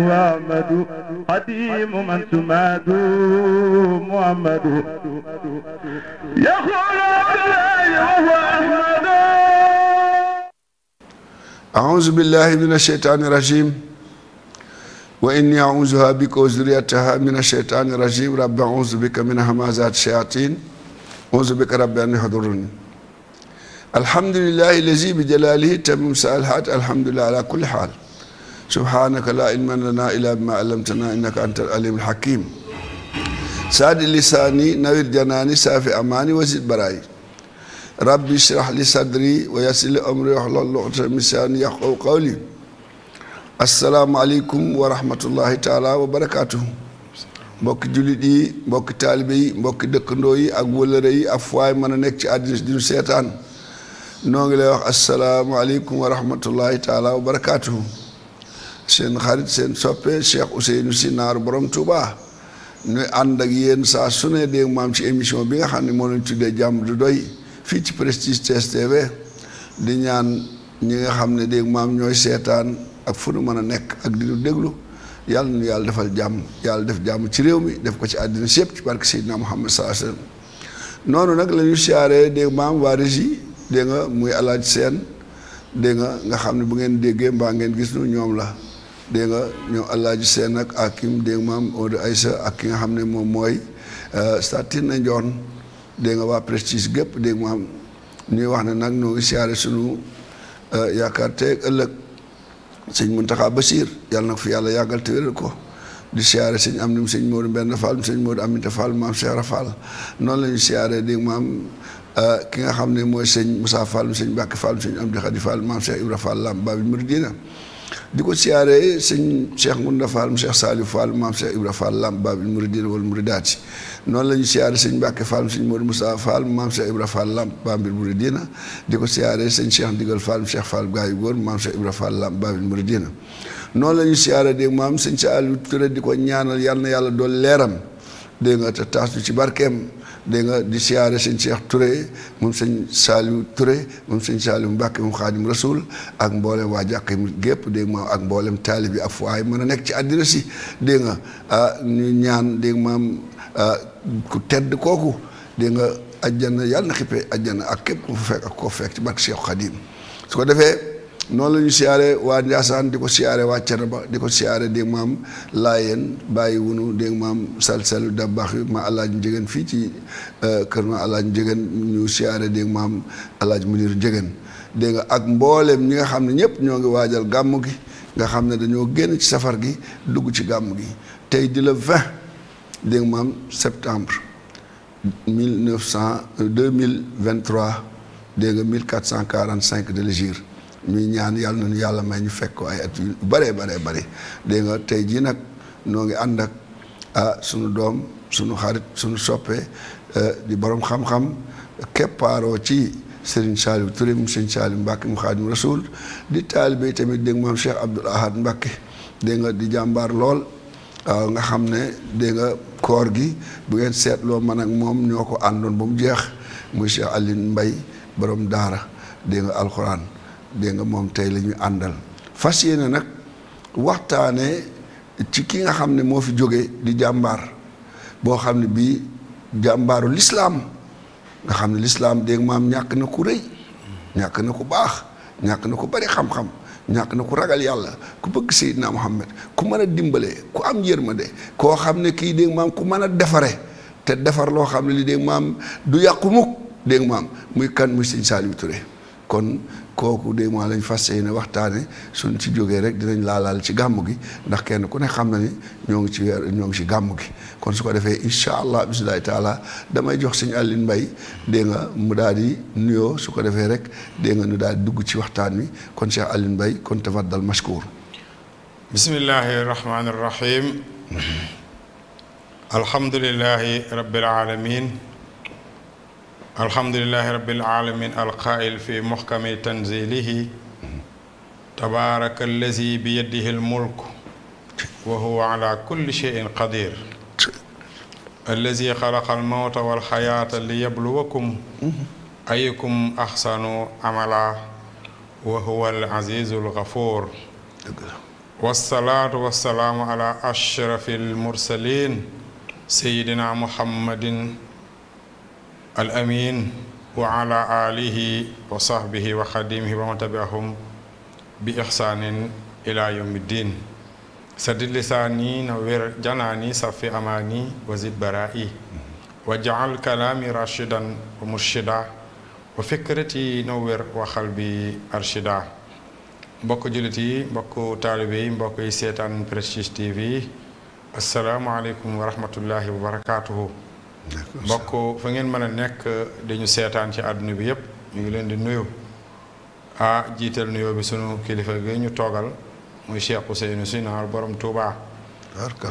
محمد قديم من سماد محمد يا عبد الله وهو أحمد أعوذ بالله من الشيطان الرجيم وإني أعوذها بك وذريتها من الشيطان الرجيم رب أعوذ بك من همازات الشياطين أعوذ بك رب أن يحضرني الحمد لله الذي بجلاله تم سالحات الحمد لله على كل حال سبحانك لا علم لنا إلا بما علمتنا إنك أنت العليم الحكيم ساد لساني نوير جناني سافي أماني وزيد براي ربي اشرح لي صدري ويسر لي أمري واحلل عقدة من لساني يفقهوا قولي السلام عليكم ورحمة الله تعالى وبركاته mbokki jullit yi mbokki taalibe yi mbokki dëkkandoo yi ak wëllëre yi ak fu waay mën a nekk ci àddina di ñu seetaan noo ngi lay wax asalaamaaleykum wa rahmatullahi taala wa barakaatuhu sen xarit sen soppe cheikh ousseynou sinar naar borom touba ñu and ak yeen sa suné mamsi mam ci émission bi nga xamni mo moo leen tuddee jàmm du doy fi ci prestige tv di ñaan ñi nga xamni ne mam ñoy sétane ak fu nu mëna a nekk ak di nu déglu yalla ñu yalla defal jamm yalla def jamm ci réew mi def ko ci adina sepp ci barke Seydina Muhammad sallallahu alayhi wasallam nonu nak lañu xiaré mam wa régie nga muy alaaj sen dégg nga nga xamni bu ngeen déggé mbaa ngeen gis ñu ñom la dégg ñu eh, ñoom Alaaji Seen ak Akim deng mam maam Odu ak ki nga xamne mom moy mooy eh, Satine Njoon dégg nga eh, waa prestige gep deng mam ñu wax na nak ñoo ngi siyaare sunu yaakaar teeg ëllëg sëñ Muntaxa Basiir yàlla nag fi yalla yagal te wéral ko di siyaare señ amnu señ modou ben Fall señ modou Aminta Fall mam cheikh rafal non lañu ñu deng mam nga ki nga xamne moy señ sëñ Moussa Fall señ bakki Fall señ Amdi khadi Fall mam Cheikh ibrahim Fall lam baabi murdina di ko siyaaree sëñ Cheikh Ngounda Fall mu Cheikh Saliou Fall maam Cheikh Ibra Fall Lamp Babil Mouridina wal Mouridati noonu la ñu siyaaree sëñ Mbacke Fall sëñ Modou Moussa Fall maam Cheikh Ibra Fall Lamp Babil Mouridina di ko siyaaree sëñ Cheikh Ndigal Fall mu Cheikh Fall Gaayu Góor maam Cheikh Ibra Fall Lamp Babil Mouridina noonu la ñu siyaaree maam sëñ Saliou Touré di ko ñaanal yal na yàlla doon leeram dégg nga te ci barkeem dégg di siyaare sëñ Cheikh Touré mom sëñ Saliou Touré mom sëñ Saliou Mbacke mom khadim rasoul ak mbolé waa jàkk yi gépp dégg ak mboolem talib yi ak fu waay mën a nekk ci àddina si dégg ah, ñu ñaan dégg mam ah, ku tedd koku dégg aljana yalla yàlla na ak kep ko fa fekk ak koo fekk ci bak Cheikh khadim su ko defee non lañu siaré wa waa diko di ko siyaare waa cerba di ko siyaare dégg maam wunu dégg maam salsalu dabbaax ma alaaj njëgën fi ci euh, kër ma alaaj njëgën ñu siyaare dégg maam alaaj munir njëgën dégg nga ak mbooleem ñi nga xam ne ñëpp ñoo ngi waajal gàmm gi nga xam dañoo génn ci safar gi dugg ci gamu gi tay di le 20 dégg mam septembre 1900 2023 euh, dégg 1445 de ñuy ñaan yàlla nañu yàlla may ñu fekk ko ay at yu bare bare bare dégg nga tey jii nag noo ngi ànd ak ah sunu doom sunu xarit sunu soppe eh, di boroom xam-xam keppaaroo ci sëriñ Saliou Touré mu Serigne Saliou Mbacke mu Xaadimu Rasuul di taalibe tamit dégg nga moom Cheikh Abdoul Ahad Mbacke dégg nga di jàmbaar lool waaw ah, nga xam ne dégg nga koor gi bu ngeen seetloo man ak moom ñoo ko àndoon ba mu jeex muy Cheikh Aline mbay borom daara dénga alxuraan. de nga mom tay lañu andal àndal nak waxtane ci ki nga xamne ne fi joge di jambar bo xamne ne jambaru l'islam nga xamne ne de dégg nga maam ñàkk na ku reuy ñak na ku bax ñak na ku bari xam-xam ñak na ku ragal yalla ku bëgg Seydina Muhammad ku mëna dimbalé ku am yërmande ko xamne ne kii dégg ku mëna défaré defare défar lo xamne xam ne li dégg maam du yaqumuk de dégg maam muy kan muy sëñ salim Touré kon kooku des mois lañ fas ne waxtaane suñ ci jógee rek dinañ laalaal ci gàmmu gi ndax kenn ku ne xam na ni ñoo ngi ci weer ñoo ngi ci gàmm gi kon su ko defee incha allah bisimilahi taala damay jox sëñ Alioune Mbaye dégg nga mu daal di nuyoo su ko defee rek dénga nga ñu daal di dugg ci waxtaan wi kon Cheikh Alioune mbay kon tafaddal dal bismillahi rahmaani rahim mhm. alhamdulilahi alamin الحمد لله رب العالمين القائل في محكم تنزيله تبارك الذي بيده الملك وهو على كل شيء قدير الذي خلق الموت والحياة ليبلوكم أيكم أحسن عملا وهو العزيز الغفور والصلاة والسلام على أشرف المرسلين سيدنا محمد الأمين وعلى آله وصحبه وخديمه ومتبعهم بإحسان إلى يوم الدين سد لساني نوير جناني صفي أماني وزد برائي وجعل كلامي راشدا ومرشدا وفكرتي نوير وخلبي أرشدا بك جلتي بك mbokk بك سيطان برشيش yi seetaan Prestige TV asalaamaaleykum wa rahmatullahi mbokk fa ngeen mën a nekk dañu seetaan ci àdduna bi yëpp ñu ngi leen di nuyu ah jiital nuyoo bi sunu kilifa gi ñu toogal muy cheikh ouseynu sinaal borom tuubaa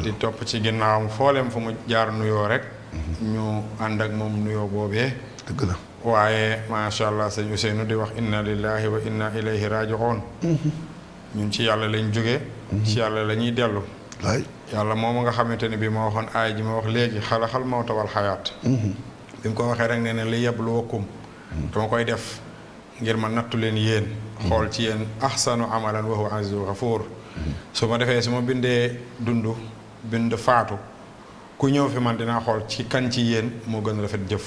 di topp ci ginnaawam fooleem fa mu jaar nuyoo rek mhm. ñu ànd ak moom nuyoo boobee dëgg la waaye macha allah sëñ ouseynu di wax inna lillahi wa inna ilayhi rajiun mhm. ñun ci yàlla lañ jóge mhm. ci yàlla la ñuy dellu yàlla moom nga xamante ne bii ma waxoon aay ji ma wax léegi xalaxal mawta wal xayaat. Mm-hmm. bi mu ko waxee rek ne ne li yabluwakum. Mm-hmm. dama koy def ngir ma nattu leen yéen. Mm-hmm. xool ci yéen ahsanu amalan wa huwa azizul ghafuur su ma defee su ma bindee dund bind faatu ku ñëw fi man dinaa xool ci kan ci yéen moo gën a rafet jëf.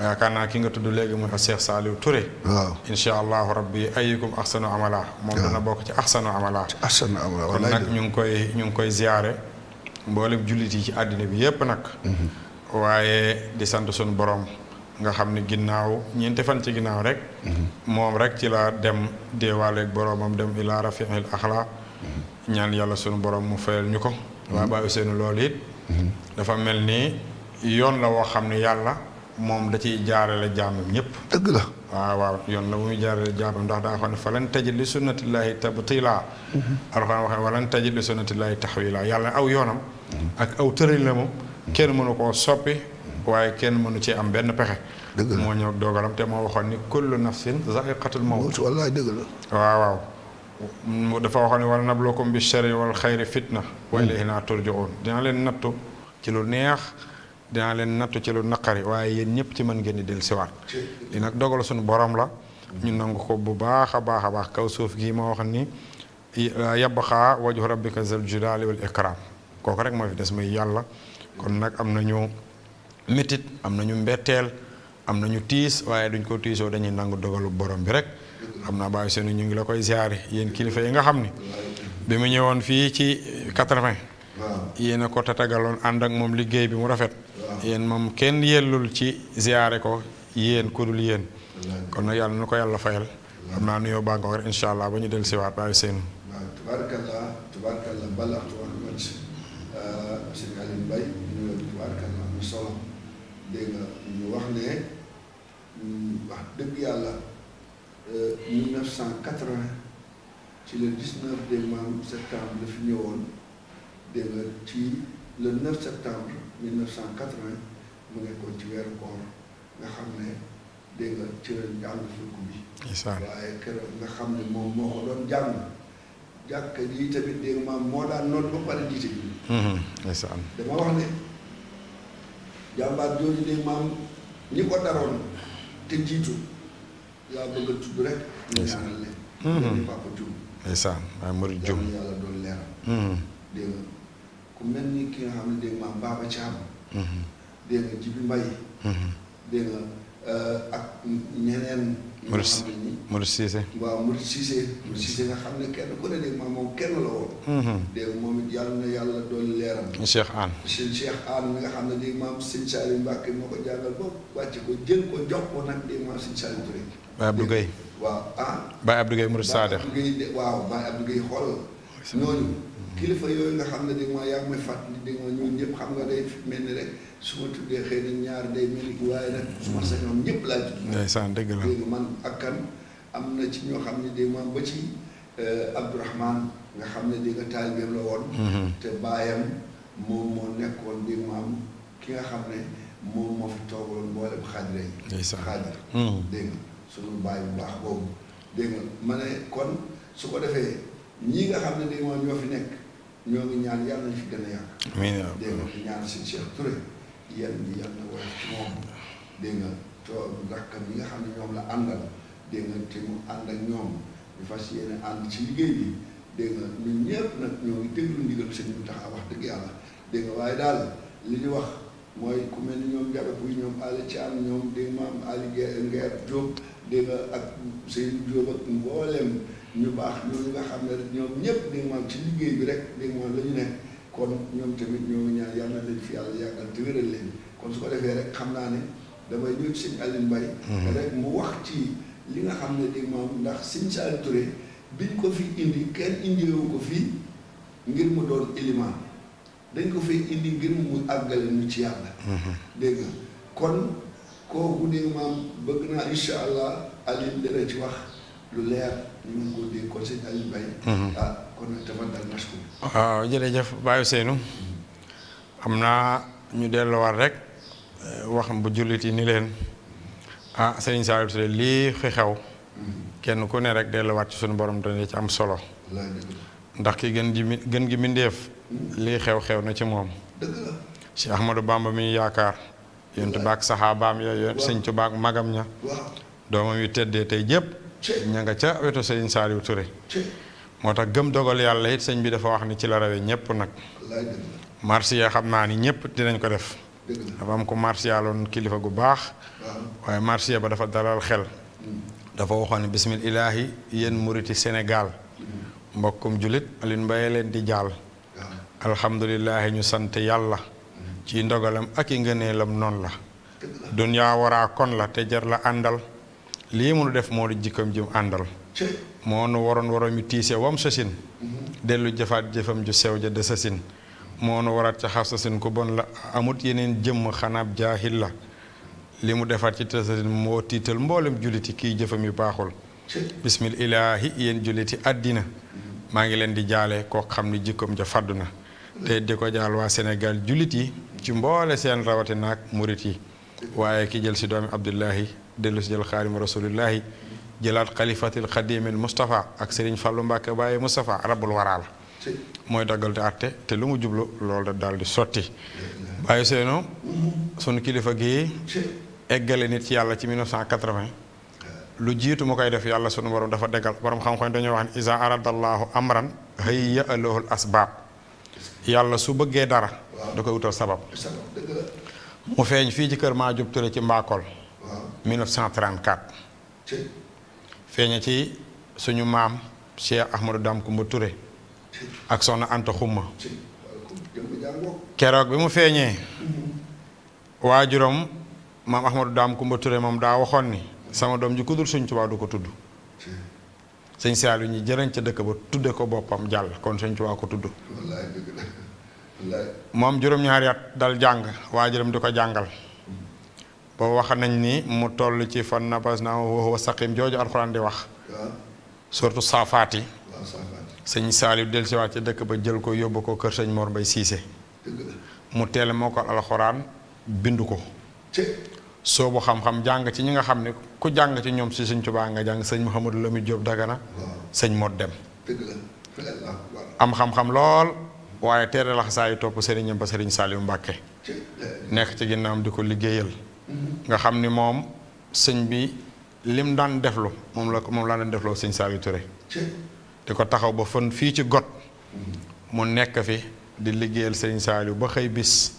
yaakaar naa ki nga tudd léegi muy Cheikh Saliou Touré. waaw incha allahu rabbi ayyukum ahsanu amala. moom dana bokk ci ahsanu amala. ci ahsanu amala kon nag ñu ngi koy ñu ngi koy ziare mboolem jullit yi ci àddina bi yépp nag. Mm-hmm. waaye di sant suñu borom nga xam ni ginnaaw ñeenti fan ci ginnaaw rek. Mm-hmm. moom rek ci la dem deewaaleeg boromam dem ila rafiil axla mm-hmm. ñaan yàlla sunu borom mu fayal ñu ko. waaye bàyyi seenu loolu it. dafa mel ni yoon la woo xam ne yàlla. mom da ci jaarale jaamam ñep deug la wa wa yon la muy jaarale jaamam ndax da xone falan tajli lan tajid tabtila arfan waxe walan tajli li sunnatillaahi taxwila yàlla aw yonam ak aw tëral la mom kenn mënu ko soppi waye kenn mënu ci am ben pexe deug la moo ñëw doogalam te mo waxoon ni kullu nafsin zaiqatul mawt wallahi deug la wa waaw dafa waxone wala nablukum bi sharri wal xayri fitna wa ilayna turjaun dina len natto ci lu neex dina len nattu ci lu nakari waye yeen ñepp ci man ngeen di del siwaat li nak dogal suñu borom la ñu nang ko bu baax a baax kaw suuf gi mo wax ni yabqa wajhu rabbika zal jalaali wal ikram koku rek mo fi dess may yalla kon nak am nañu metit am nañu mbettel am nañu tiss waye duñ ko tisso dañuy nangu dogalu borom bi rek amna baye bàyyi seenu ñu ngi la koy ziare yeen kilifa yi nga xamni bima ñewon fi ci 80 yéen a ko tatagaloon ànd ak moom liggéey bi mu rafet yéen moom kenn yellul ci ziyaare ko yéen ku dul yéen kon nag yàlla na ko yàlla fayal xam naa nuyoo bàggoo rek incha allah ba ñu del siwaat bàyyi seenu tubaarkalla septembre la fi ñëwoon dégg ci le 9 septembre 1980 mu nekkoon ci weeru koor nga xam ne dégg ci leen jàng fulk bi waaye keroog nga xam ne moom moo ko doon jàng jàkk ji tamit dégg maam moo daan noonu ba pare jiite bi mhm, dama wax ne jàmbaar jooju dégg maam ñi ko daroon te jiitu laa bëgg a tudd rek ñu ñaanal mhm. papa Dioum waaye Mori Dioum yàlla doon leeral mhm. dégg ku mel ni ki nga xam ne dégg nga maam Baba Thiam. dégg mhm. dégg nga mhm. euh, ak ñeneen. Mouride waaw Mouride Cissé. Mouride kenn ku ne dégg nga moom kenn la woon. Mhm. dégg nga moom it yàlla na yàlla doon leeram. Cheikh Anne. sëñ Cheikh Anne mi nga xam ne dégg nga maam sëñ Saliou Mbacke moo ko jàngal ba wàcc ko jël ko jox ko nag dégg maam sëñ Saliou Touré. Baye Abdou Gueye. waaw ah. Baye Abdou Gueye Mouride waaw Baye Abdou Gueye xool kilifa yooyu nga xam ne di ma yaa may fàttali di ma ñun ñëpp xam nga day mel ni rek su ma tuddee xëy na ñaar day mel ni waaye nag su ma sañoon ñëpp laa tudd. ndeysaan dëgg la dégg man ak kan am na ci ñoo xam ne di ma ba ci euh, Abdourahman nga xam ne di nga taalibeem la woon. Mm-hmm. te baayam moom moo nekkoon di maam ki nga xam ne moom moo fi toogaloon mboolem xaajale yi. ndeysaan xaajal. Mm-hmm. dégg nga sunu baay bu baax boobu dégg ma ne kon su ko defee ñii nga xam ne di ma ñoo fi nekk. ñoo ngi ñaan yàlla nañu fi gën a yàgg. amiin yaa dégg nga di ñaan seen Cheikh Touré yéen bi yàlla na woyof ci moom dégg nga toog rakkam yi nga xam ne ñoom la àndal dégg nga te mu ànd ak ñoom ñu fas ànd ci liggéey bi dégg nga ñëpp nag ñoo ngi déglu ndigal seen ñu tax a dëgg yàlla dégg nga waaye daal li ñu wax mooy ku mel ni ñoom Jalle Pouy ñoom Aliou Thiam ñoom dégg nga maam Aliou Nguer Diop dégg ak Seydou ñu baax ñooñu nga xam ne ñoom ñëpp di maam ci liggéey bi rek di maam la ñu nekk kon ñoom tamit ñoo ngi ñaan yàlla leen fi yàlla yàggal te wéral leen kon su ko defee rek xam naa ne damay ñëw sëñ Aline Mbaye mhm. rek mu wax ci li nga xam ne di maam ndax sëñ Sall Touré biñ ko fi indi kenn indiwu ko fi ngir mu doon élément dañ ko fay indi ngir mu àggale ñu ci yàlla mhm. dégg nga kon kooku di maam bëgg naa incha allah Aline dana ci wax lu leer ñu ngi ko dégg kon sëñ jërëjëf Baye Seynou xam naa ñu delluwaat rek eh, waxam bu jullit yi ni leen ah Serigne Saliou lii xi xew kenn ku ne rek delluwaat ci suñu borom dana ci am solo. ndax ki gën gi mbindéef lii xew-xew na ci moom. Cheikh Ahmadou Bamba mi yaakaar yonent baak saxaabaam ya yonent Sëñ Tuubaa ak magam ña doomam yu teddee tey jëpp. ñanga ca wetu sëñ saliw Touré motax gëm dogal yalla yi sëñ bi dafa wax ni ci la rawe ñepp nak marsiya xamna ni ñepp dinañ ko def dafa am ko lon kilifa gu bax waye marsiya ba dafa dalal xel hmm. dafa waxone bismil ilahi yéen muriti senegal hmm. julit alin Mbaye len di jall alhamdullilah ñu sante yalla hmm. ci ndogalam ak i non la dunya wara kon la te jar la andal lii mënu def moo di jikkam jëm àndal moo nu waroon waroon yu tiise wom sasin mm-hmm. dellu jëfaat jëfam ju sew ja de sasin moo nu waraat ca xaf sasin ku bon la amut yeneen jëm xanaab jaahil la li mu defaat ci tasasin moo tiital mboolem julliti kii jëfam yu baaxul bismil ilaahi yéen julliti àddina mm-hmm. maa ngi leen di jaale koo xam ni jikkoom ja fàddu na te di ko jaal waa Sénégal jullit yi ci mboole seen rawati naag murit yi waaye ki jël si doomi Abdullahi dellu si jël xaadima rasulillahi jëlaat xalifatil xadimil Moustapha ak Serigne Fallou Mbacke Baye Moustapha rabul waraal mooy daggal te te lu mu jublu lool da daal di sotti Baye Seyno sunu kilifa gi eggale nit ci yàlla ci 1980 lu jiitu mu koy def yàlla sunu borom dafa déggal borom xam-xam dañoo wax ne isa aradallahu amran hayya alahul asbaab yàlla su bëggee dara da koy wutal sabab mu feeñ fii ci kër maa jub ture ci mbaakool 1934 feeña ci suñu maam Cheikh Ahmadou Dame Koumba Touré ak soxna Anta Xumma keroog bi mu feeñee waa mm-hmm. waajuram maam Ahmadou Dame Koumba Touré moom daa waxoon ni sama doom ji ku dul suñ Tuubaa du ko tudd sëñ Saliou ñu jërëñ ca dëkk ba tudde ko boppam jàll kon sëñ Tuubaa ko tudd moom juróom-ñaari at dal jàng waa waajuram di ko jàngal ba wax nañ ni mu toll ci fan nabas wa huwa saqim jooju alquran di wax surtout safati sëñ saaliw del ci wax dekk ba jël ko yob ko keur sëñ mor mbay siise mu tel moko alquran bindu ko ko soobu xam-xam jang ci ñinga xam ne ku jang ci ñom si sëñ tubaa nga jang sëñ mouhamadou lami job dagana sëñ mor dem am xam-xam téré la xay top topp ñam ba sëriñ saaliw mbacké nekk ci ginnam diko liggéeyal nga xam ni moom sëñ bi lim daan deflu moom la moom laa daan defloo sëñ Saliou Touré di ko taxaw ba fan fii ci got mm-hmm. mu nekk fi di liggéeyal sëñ saa Saliou ba xëy bis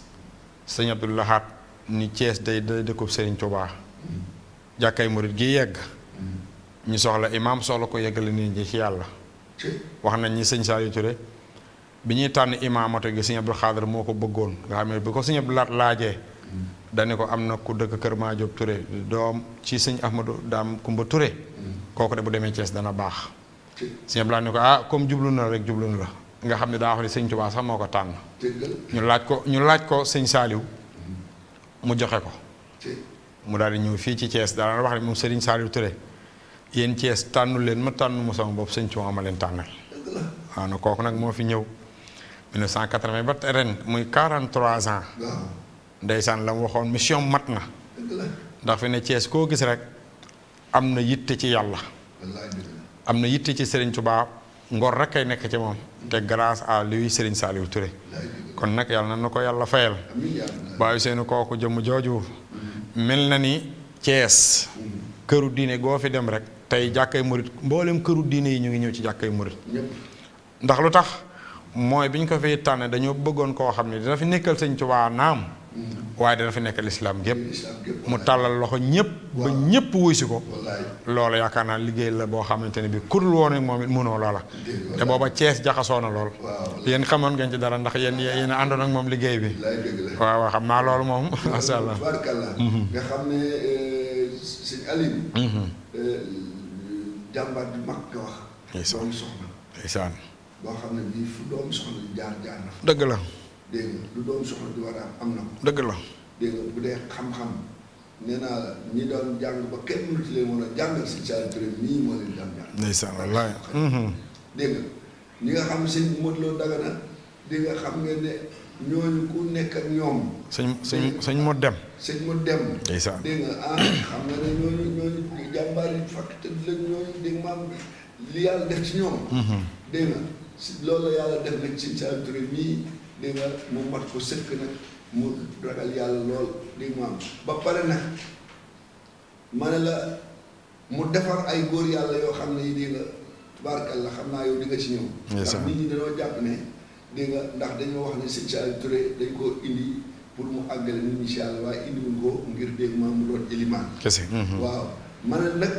sëñ Abdou Lahad ni Thiès day day sëñ sëriñ Touba mm-hmm. jàkkay murit gi yegg mm-hmm. ñu soxla imaam soxla ko yeggale nit ñi ci yàlla wax nañ ñi sëñ Saliou Touré bi ñuy tànn imaamatu gi sëñ Abdou Khadre moo ko bëggoon nga xam ne bi ko sëñ laajee dane ko am na ku dëkk kër Maajob Touré doom ci sëñ Ahmadou Daam Kumba ture kooku de bu demee Thiès dana baax sëñ Abdou Lahad ne ko ah comme jublu na rek jublu na la nga xam ne daa wax ne sëñ Tuubaa sax moo ko tànn ñu laaj ko ñu laaj ko sëñ Saaliw mu joxe ko mu daal di ñëw fii ci Thiès daana wax ne moom sëriñ Saaliw Touré yéen Thiès tànnu leen ma tànnu mu sama boobu sëñ Tuubaa ma leen tànnal waaw na kooku nag moo fi ñëw 1980 ba ren muy 43 ans ndeysaan la mu waxoon mission mat na ndax fi ne Cees koo gis rek am na yitte ci yàlla am na yitte ci Serigne Touba ngor rek ay nekk ci moom te grâce à lui Serigne Saliou Touré kon nag yàlla na na ko yàlla fayal bàyyi seeni kooku jëmm jooju mel na ni Cees mm. këru diine goo fi dem rek tey jàkkay murit mboolem këru diine yi ñu ngi ñëw ci jàkkay murit ndax lu tax mooy bi ñu ko fiy tànn dañoo bëggoon koo xam ne dina fi nekkal Sëñ Touba naam Hmm. waaye dana fi nekk lislaam gépp mu tàllal loxo ñëpp ba ñëpp wuy si ko loolu yaakaar naa liggéey la boo xamante ne bi kurul woon ak moom it mënoo loola te booba Cees jaxasoo na lool yéen xamoon ngeen ci dara ndax yéen yéen a àndoon ak moom liggéey bi waaw xam naa loolu moom masha Allah mhm. nga xam ne euh, sëñ Aliou mhm. euh, jàmbaar bi mag nga wax ndeysaan ndeysaan boo xam ne bii fu doom soxna jaar jaar na dëgg la dégg nga lu doom a am am na ko. dëgg la dégg nga bu dee xam-xam nee naa la ñi doon jàng ba kenn mënut leen a jàngal si mhm. nga ñi nga xam Lo Dagana di nga xam ne ñooñu nekk ak ñoom. sëñ sëñ sëñ Modou Deme. sëñ Modou Deme. ndeysaan dégg nga ah xam nga ñooñu jàmbaar yi fàtte la ñooñu dégg maam li yàlla def ci ñoom. Mhm. dégg loolu yàlla def nag si saa yu nii. dégg nga mu mat ko sëkk nag mu ragal yàlla lool dégg nga ba pare na ma ne la mu defar ay góor yàlla yoo xam ne yi dégg nga tubaarkal la xam naa yow di nga ci ñëw ndax nit ñi dañoo jàpp ne dégg nga ndax dañoo wax ne sëñ Saliou Touré dañ koo indi pour mu àggale nit ñi si waaye indiwuñ ko ngir dégg ma mu doon élimaan kese mm-hmm. waaw ma nag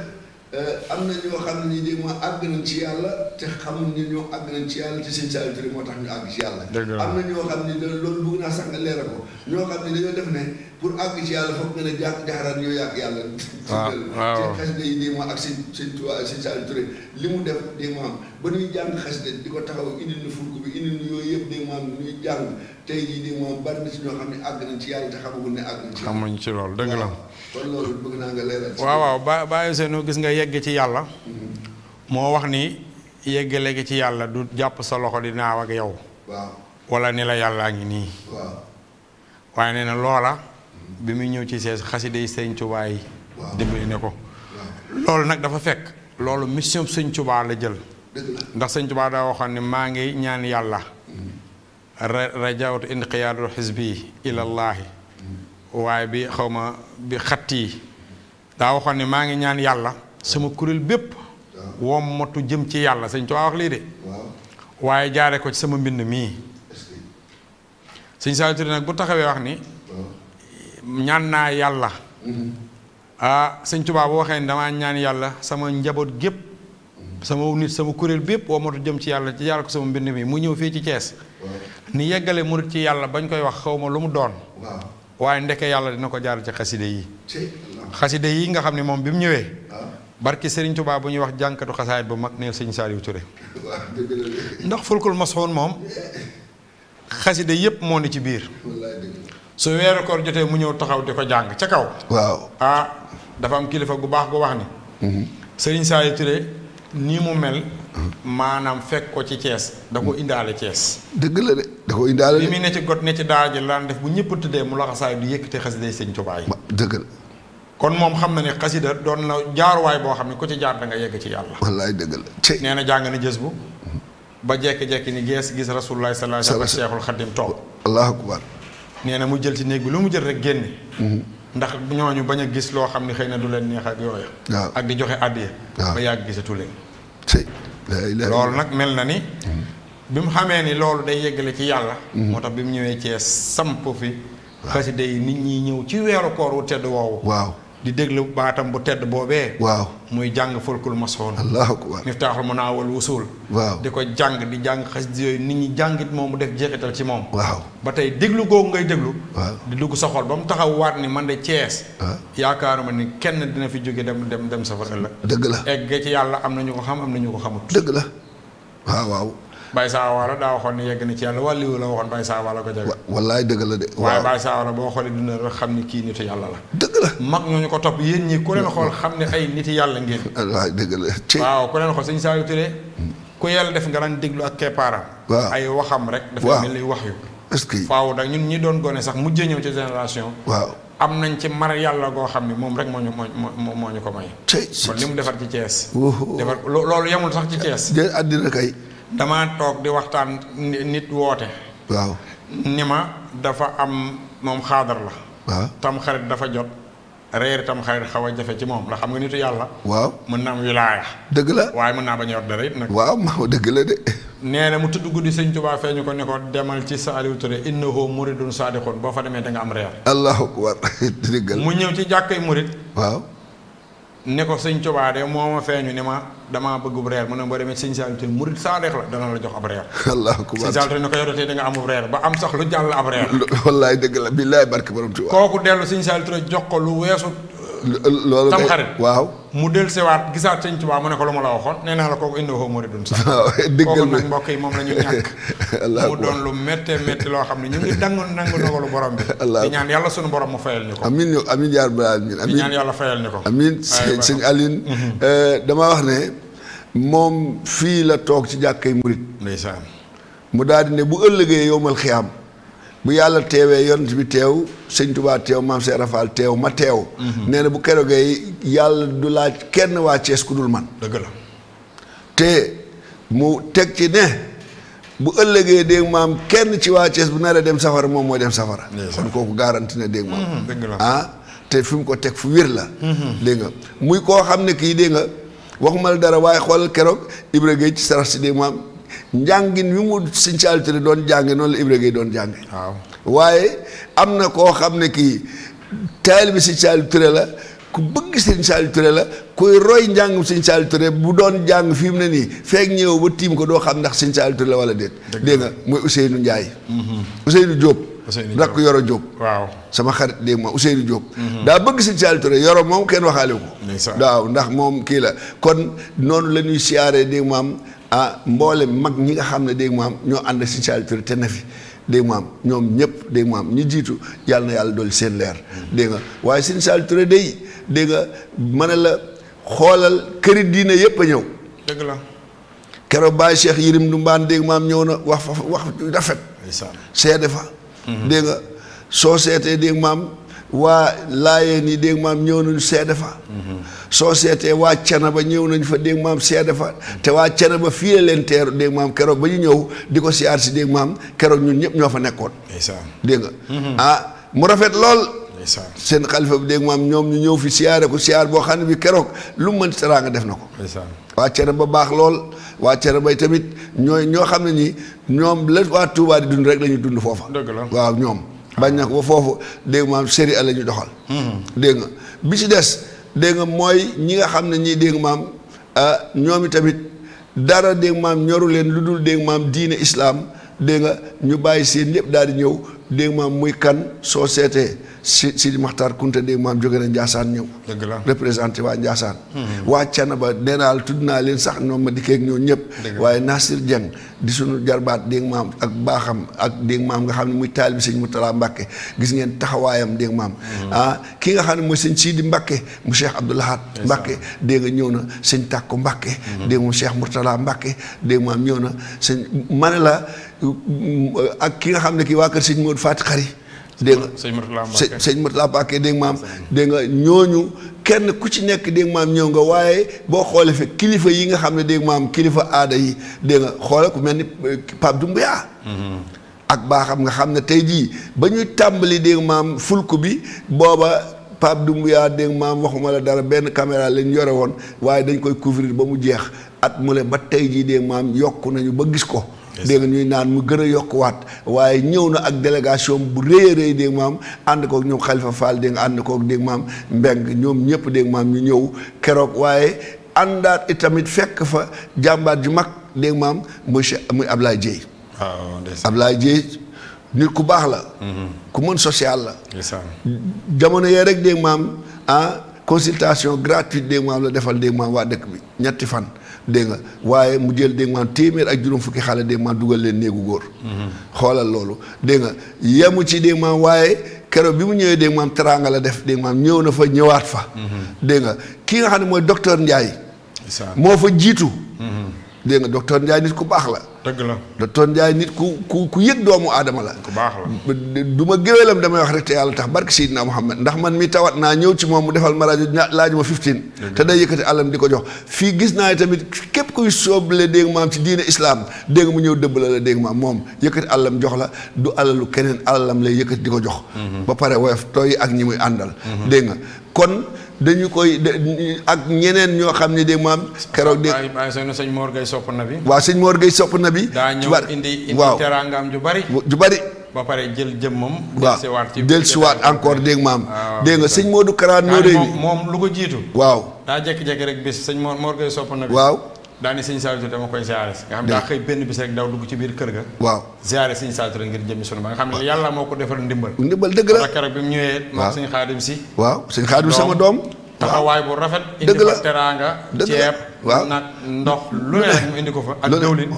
Euh, am na ñoo xam ne ñi di ma àgg nañ ci yàlla te xamul ne ñoo àgg nañ ci yàlla te seen Saliou Touré moo tax ñu àgg ci yàlla am na ñoo xam ne loolu bëgg naa sax nga leeral ko ñoo xam ne dañoo def ne pour àgg ci yàlla foog nga ne jaax jaxaraan ñoo yàgg yàlla ci xasida yi di ma ak seen seen Tuubaa seen Saliou Touré li mu def di ma am ba ñuy jàng xasida di ko taxaw indi nu furku bi indi nu yooyu yëpp di ma am ñuy jàng tey jii di ma am bari na si ñoo xam ne àgg nañ ci yàlla te xamagul ne àgg nañ ci xamuñ ci loolu dëgg la waaw waaw ba bàyyi seenu gis nga yegg ci yàlla. moo wax ni yeggale gi ci yàlla du jàpp sa loxo di naaw ak yow. waaw wala ni la yàllaa ngi nii. waaw waaye nee loola. bi muy ñëw ci sees xaside yi sëñ Tuubaa yi. waaw dimbali ko. loolu nag dafa fekk. loolu mission sëñ Tuubaa la jël. ndax sëñ Tuubaa daa waxoon ne maa ngi ñaan yàlla. Mm-hmm. ra rajawtu inqiyaadu xisbi ilallaahi waye bi xawma bi xatti da daa ni ne ngi ñaan yalla sama kurel bepp wom matu jëm ci yalla señ ci wax li de waye jaare ko ci sama mbind mi señ sa tur nak bu taxawé wax ni ñaan na yalla mm-hmm. ah señ tuba bu waxé dama ñaan yalla sama njabot gep mm-hmm. sama nit sama kurel bepp woo matu jëm ci yalla ci jaare ko sama mbind mi mu ñew fi ci Thiès ni yegalé murit ci yalla bañ koy wax xawma lu mu doon waaye ndeke yàlla dina ko jaar ci xaside yi xaside yi nga xam ne moom bi mu ñëwee ah. barki Serigne tubaab bu ñuy wax jànkatu xasaayit bu mag neel sëñ Saliou Touré ndax fulkul masoon moom xaside yépp moo ni ci biir su weeru koor jotee mu ñëw taxaw di ko jàng ca kaw waaw ah dafa am kilifa gu baax gu wax ni mhm. Serigne Saliou Touré nii mu mel. Hmm. maanaam fekk ko ci Thiès. da ko hmm. indaale cees dëgg la de da ko indaale li muy ne ci got ne ci daara ji laan def bu ñëpp tëddee mu laxasaay du yëkkate xasida yi sëñ Tuubaa yi. dëgg la. kon moom xam na ne xasida doon na jaaruwaay boo xam ne ku ci jaar da nga yegg ci yàlla. wallaay dëgg la. cey neena jàng na jës bu. Hmm. ba jékki-jékki ni gees gis rasulullah sallallahu alayhi wa sallam. Cheikhul Khadim toog. allahu akbar. nee na mu jël ci néeg bi lu mu jël rek génne. ndax ñoo ñu bañ a gis loo xam ne xëy na du leen neex ak yooyu. waaw ak di joxe àddiya. ba yàgg gisatu leen. loolu nag mel na ni. Hmm. bi mu xamee ni loolu day yëggale ci yàlla. Hmm. moo tax bi mu ñëwee cee samp fi. xasida day nit ñi ñëw ci weeru koor wu tedd woowu. waaw di déglu baatam bu tedd boobee. waaw muy jàng fulkul masoon. allahu akbar miftaaxul munaawal wusul. waaw di ko jàng di jàng xas di yooyu nit ñi jàngit moom mu def jeexital ci moom. waaw ba tey déglu googu ngay déglu. di dugg sa xol ba mu taxaw waat ni man de Cees. yaakaaruma ni kenn dina fi jóge dem dem dem safar ëllëg. dëgg la egg ci yàlla am na ñu ko xam am na ñu ko xamut. dëgg la waaw waaw. bay wala da waxon ni yegg na ci yalla wali wala waxon bay wala ko jage wallahi deug la de way bay wala bo xoli dina ra xamni ki nitu yalla la deug la mag ñu ko top yeen ñi ku leen xol xamni ay nit yalla ngeen wallahi deug la ci waaw ku leen xol señ sawalo tele ku yalla def nga ran deglu ak kepara ay waxam rek dafa melni wax yu est ce faaw da ñun ñi doon gone sax mujjé ñew ci génération waaw am nañ ci mar yàlla goo xam ne rek moo ñu ko may kon li defar ci Thiès defar loolu yamul sax ci Thiès àddina kay damaa toog di waxtaan nit woote. waaw ni ma dafa am moom xaadar la. waaw tam xarit dafa jot. reer tam xarit xaw a jafe ci moom la xam nga nitu yàlla. waaw mën naa am wilaaya. dëgg la waaye mën naa ba a yor dara it nag. waaw ma dëgg la de. nee na mu tudd guddi sëñ Tuubaa feeñu ko ne demal ci sa Aliou Touré innahu muridun saadiqun boo fa demee da am reer. allahu akbar dëgg la mu ñëw ci jàkkay murid. waaw. ne ko sëñ Tuubaa de moo ma feeñu ni ma damaa bëggub reer mu ma boo demee sëñ Saliou Touré murid saadeex la dana la jox ab reer allah akbar sëñ Saliou Touré ko yow tey da nga reer ba am sax lu jàll ab reer wallaay dëgg la bi billaay barke borom Tuubaa kooku dellu sëñ Saliou Touré jox ko lu weesu loolu tamxarit waaw mu dellusiwaat gisaat sëñ waa mu ne ko lu ma la waxoon nee naa la kooku indohoo muridun sax kooku nag mbokk yi moom la ñu ñàkk mu doon lu métte métti loo xam ne ñu ngi dangu nangu dogalu borom bi di borom mu fayal ñu ko amin ñu amin yaa yàlla fayal ñu ko amin sëñ Aline mhm. euh, dama wax ne moom fii la toog ci jàkkay murit mu daal di ne bu ëllëgee yowmal xiyaam bu yàlla teewee yonent bi teew sëñ Tuubaa teew maam Seex Rafal teew ma teew. Mhm. nee na bu keroogee yàlla du laaj kenn waa Cees ku dul man. dëgg la te mu teg ci ne bu ëllëgee dégg maam kenn ci waa Cees bu naree dem safara moom mooy dem safara. kon kooku garanti na dégg maam. Ah, te fi mu ko teg fu wér la. Mhm. dégg muy koo xam ne kii dégg nga dara waaye xoolal keroog Ibra ci sarax si dégg maam. njàngin wi mu sëñ Saliou doon jànge noonu la Ibra doon jànge waaw waaye am na koo xam ne kii taalibe sëñ Saliou Touré la ku bëgg sëñ Saliou Touré la kuy roy njàngum sëñ Saliou bu doon jàng fii mu ne nii feek ñëw ba tiim ko doo xam ndax siñ Saliou la wala déet dégg nga mooy Ousseynou Ndiaye mm-hmm. Ousseynou Diop rakk Yoro Diop waaw sama xarit dégg ma Ousseynou Diop mm-hmm. daa bëgg sëñ Saliou Touré Yoro moom kenn waxaale ko waaw ndax moom kii la kon noonu lañuy ñuy siyaare ah mboole mag ñi nga xam ne dégg mu ñoo ànd si Touré te na fi dégg mu ñoom ñëpp dégg mu ñu jiitu yàlla na yàlla dolli seen leer dégg nga waaye si Touré day dégg nga ma ne la xoolal këri diine yëpp a ñëw. dëgg la. keroog Baye Cheikh Yirim Ndumbaan dégg maam ñëw na wax fa wax rafet. seede fa. Mhm. dégg nga soo seetee dégg maam. waa laayeen yi dégg maam ñëw nañu seede fa soo seetee waa ba ñëw nañ fa dégg maam seede fa te waa ba fii la leen teeru dégg maam keroog ba ñu ñëw di ko siyaar si dégg maam keroog ñun ñëpp ñoo fa nekkoon dégg nga mhm. ah mu rafet lool seen xalifa bi maam ñoom ñu ñëw fi siyaare ko siyaar boo xam ne bi keroog lu mu mën nga def na ko waa ba baax lool waa Canaba yi tamit ñooy ñoo xam ne nii ñoom la waa Touba di dund rek la ñu dund foofa waaw ñoom bañ na ko foofu dégg nga maam série a la doxal. dégg nga bi si des dégg mooy ñi nga xam ne ñi dégg maam ah, ñoom tamit dara dégg maam ñoru leen lu dul dégg maam diine islaam dégg nga ñu bàyyi seen yëpp daal di ñëw dégg muy kan soo seetee si Sidi Maxtaar Kunta dégg maam jóge na Njaasaan ñëw dëgg la représenté waa Njaasaan hmm. waa Canaba nee naa tudd naa leen sax ñoom ma dikkee ak ñoo ñëpp waaye Nasir Dieng di suñu jarbaat dégg maam ak baaxam ak dégg maam nga xam ne muy taalibi sëñ Moutala Mbàkke gis ngeen taxawaayam dégg maam hmm. ah ki nga xam ne mooy sëñ Sidi Mbàkke mu Cheikh Abdoulahat Mbàkke dégg ñëw na sëñ Tàkko Mbàkke dégg moom Cheikh Moutala Mbàkke dégg maam ñëw na sëñ hmm. ma ne la ak ki nga xam ne kii waa kër sëñ Modou Faty Khary dégg nga sëñ Murtala Mbàkke dégg maam dégg nga ñooñu kenn ku ci nekk dégg maam ñëw nga waaye boo xoolee kilifa yi nga xam ne dégg maam kilifa aada yi dégg nga xoole ku mel ni eh, Pape Doumbouya mm-hmm. ak baaxam nga xam ne tey jii ba ñuy tàmbali dégg maam fulku bi booba Pape Doumbouya dégg maam waxuma la dara benn caméra lañ yore woon waaye dañ koy couvrir ba mu jeex at mu le ba tey jii dégg maam yokk nañu ba gis ko dégg ñuy naan mu gën a yokkuwaat waaye ñëw na ak délégation bu rëy a rëy dégg maam ànd kook ñoom Khalifa Fall dégg nga ànd kook dégg maam Mbeng ñoom ñëpp dégg maam ñu ñëw keroog waaye àndaat itamit fekk fa jàmbaat ju mag dégg maam monsieur muy Ablaye Dieye waaw Ablaye Dieye nit ku baax la mm-hmm. ku mën social la jamono yee rek dégg maam ah consultation gratuite dégg maam la defal dégg maam waa dëkk bi ñetti fan dégg nga waaye mu jël dégg maa téeméer ak juróom fukki xale dégg maa dugal leen néegu góor. xoolal loolu dégg nga yemu ci dégg maa waaye keroog bi mu ñëwee dégg maam teraanga la def dégg maam ñëw na fa ñëwaat fa. Mhm. dégg nga ki nga xam ne mooy docteur Ndiaye. moo fa jiitu. Mhm. dégg nga docteur nit ku baax la. dëgg la docteur Ndiaye nit ku ku ku yëg doomu aadama la. ku baax la du ma géwélam damay wax rek te yàlla tax barki Seydina Muhammad ndax man mi tawat naa ñëw ci moom mu defal ma rajo laaj ma 15. te day yëkkati àllam di ko jox fii gis naa tamit képp kuy soobale dégg maam ci diine islaam dégg mu ñëw dëbb la la dégg maam moom yëkkati àllam jox la du alalu keneen alalam lay yëkkati di ko jox. Mm-hmm. ba pare woyof tooy ak ñi muy àndal. Mm-hmm. dégg nga kon. dañu koy ak ñeneen ñoo xam ne de maam. keroog de waaw sëñ moor gay sopp na bi. waaw sëñ Mor Gueye sopp na bi. daa ñëw indi indi teraangaam ju bari. ju bari. ba pare jël jëmmam. waaw del siwaat encore dégg maam. Ah, waaw dégg nga sëñ Modou Kara Noreyni moom lu ko jiitu. waaw daa jékki-jékki rek bis sëñ Mor Gueye sopp na bi waaw. daane sëñ Saliou Touré dama koy ziare si nga xam daa xëy benn bis rek daw dugg ci biir kër ga waaw ziare sëñ Saliou Touré ngir jëmmi sunu ba nga xam ne yàlla moo ko defal ndimbal ndimbal dëgg la keroog bi mu ñëwee moom sëñ Xaadim si waaw sëñ Xaadim sama doom taxawaay bu rafet indi fa teraanga ceeb waaw nag ndox lu ne rek mu indi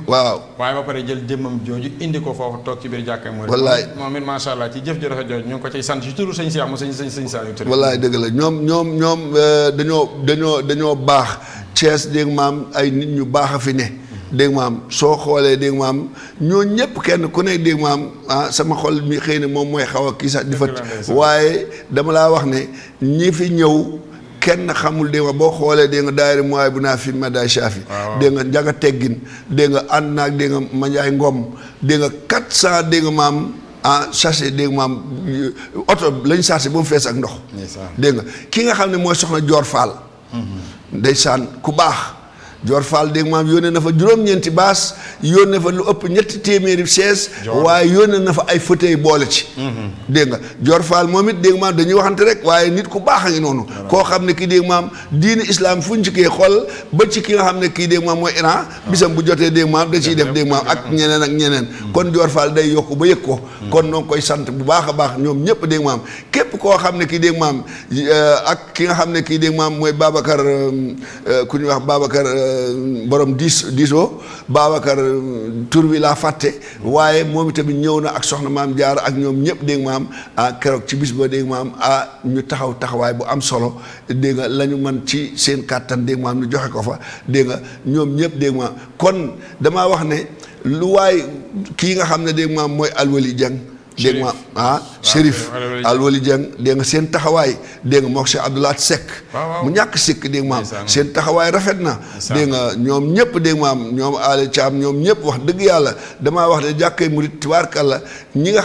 waaw waaye ba pare jël jëmmam jooju indi ko foofu toog ci biir jàkka mooy wallaay moom it macha allah ci jëf ju rafet jooju ñu ngi ko ciy sant ci turu sëñ Cheikh mu la ñoom ñoom ñoom euh, dañoo dañoo dañoo baax Thiès dégg maam ay nit ñu baax a fi ne. dégg maam soo xoolee dégg maam ñoo ñëpp kenn ku nekk dégg maam ah, sama xol mi xëy na moom mooy xaw a kii sax di fat waaye dama laa wax ne ñi fi ñëw. kenn xamul dégg nga boo xoolee dégg nga daayira mooy bu naa fi ma daay saafi dégg nga njaga teggin dégg nga ànd naag dégg nga manjaay ngom dégg nga quatre cent dégg nga maam ah chargé dégg maam oto lañ chargé ba mu fees ak ndox dégg nga ki nga xam ne mooy soxna Joor Faal mhm. ndeysaan ku baax jor Fall dégg maam yónnee na fa juróom-ñeenti baas yónnee fa lu ëpp ñetti téeméeri chaise waaye yónnee na fa ay fauteuil boole ci mm-hmm. dégg nga Dior Fall moom it dégg maam dañuy waxante rek waaye nit ku baax a noonu koo xam ne kii dégg maam diini islam fu ñu xool ba ci ki nga xam ne kii dégg maam mooy Iran ah. bisam bu jotee dégg maam da ciy def dégg maam ak mm-hmm. ñeneen ñeneen mm-hmm. kon Dior Fall day yokku ba yëg ko kon noo ngi koy sant bu baax a baax ñoom ñëpp dégg maam képp koo xam ne kii dégg maam euh, ak ki nga xam ne kii dégg maam mooy Babacar euh, euh, ku ñuy wax Babacar Euh, borom diis diisoo Babacar euh, tur bi laa fàtte waaye moom itamit ñëw na ak soxna maam jaar ak ñoom ñëpp dégg nga maam ah keroog ci bis ba dégg nga maam ah ñu taxaw taxawaay bu am solo dégg lañu man ci seen kàttan dégg nga maam ñu joxe ko fa dégg nga ñoom ñëpp dégg nga maam kon damaa wax ne lu waay kii nga xam ne dégg nga maam mooy Alwali Dieng Deng ma ah sherif Alwali Dieng dégg nga seen taxawaay dégg nga mook Cheikh Abdoulaat Seck mu ñàkk sikk dégg nga maam seen taxawaay rafet nyom nyep wah ñoom ñëpp dema wah maam ñoom Aali Caam ñoom ñëpp wax dëgg yàlla damaa wax ne jàkkee murit tubaarkàlla ñi nga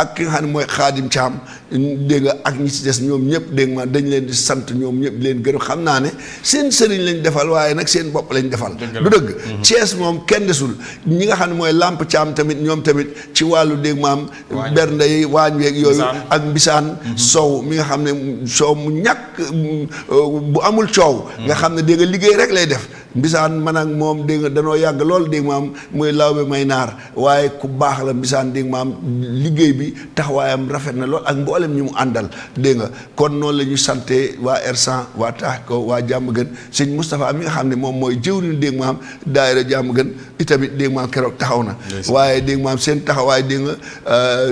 ak ki nga dégg ak ñi ci des ñoom ñëpp dégg ma dañ leen di sant ñoom ñëpp di leen gërëm xam naa ne seen sëriñ lañ defal waaye nag seen bopp lañu defal du dëgg mhm. Thiès moom kenn desul ñi nga xam ne mooy làmp caam tamit ñoom tamit ci wàllu dégg maam bernde yi waañ weeg yooyu ak mbisaan mhm. sow mi nga xam ne sow mu ñàkk euh, bu amul coow mhm. nga xam ne dégg liggéey rek lay def mbisaan man ak moom dégg nga danoo yàgg lool dégg maam muy lawbe may naar waaye ku baax la mbisaan dégg maam liggéey bi taxawaayam rafet na lool ak mboolem ñu mu àndal dégg nga kon noonu la ñu santee waa ersan waa taax ko waa jàmm gën sëñ Moustapha mi nga xam ne moom mooy jëwriñ dégg maam daayira jàmm gën itamit dégg maam keroog taxaw na waaye dégg maam seen taxawaay dégg nga euh,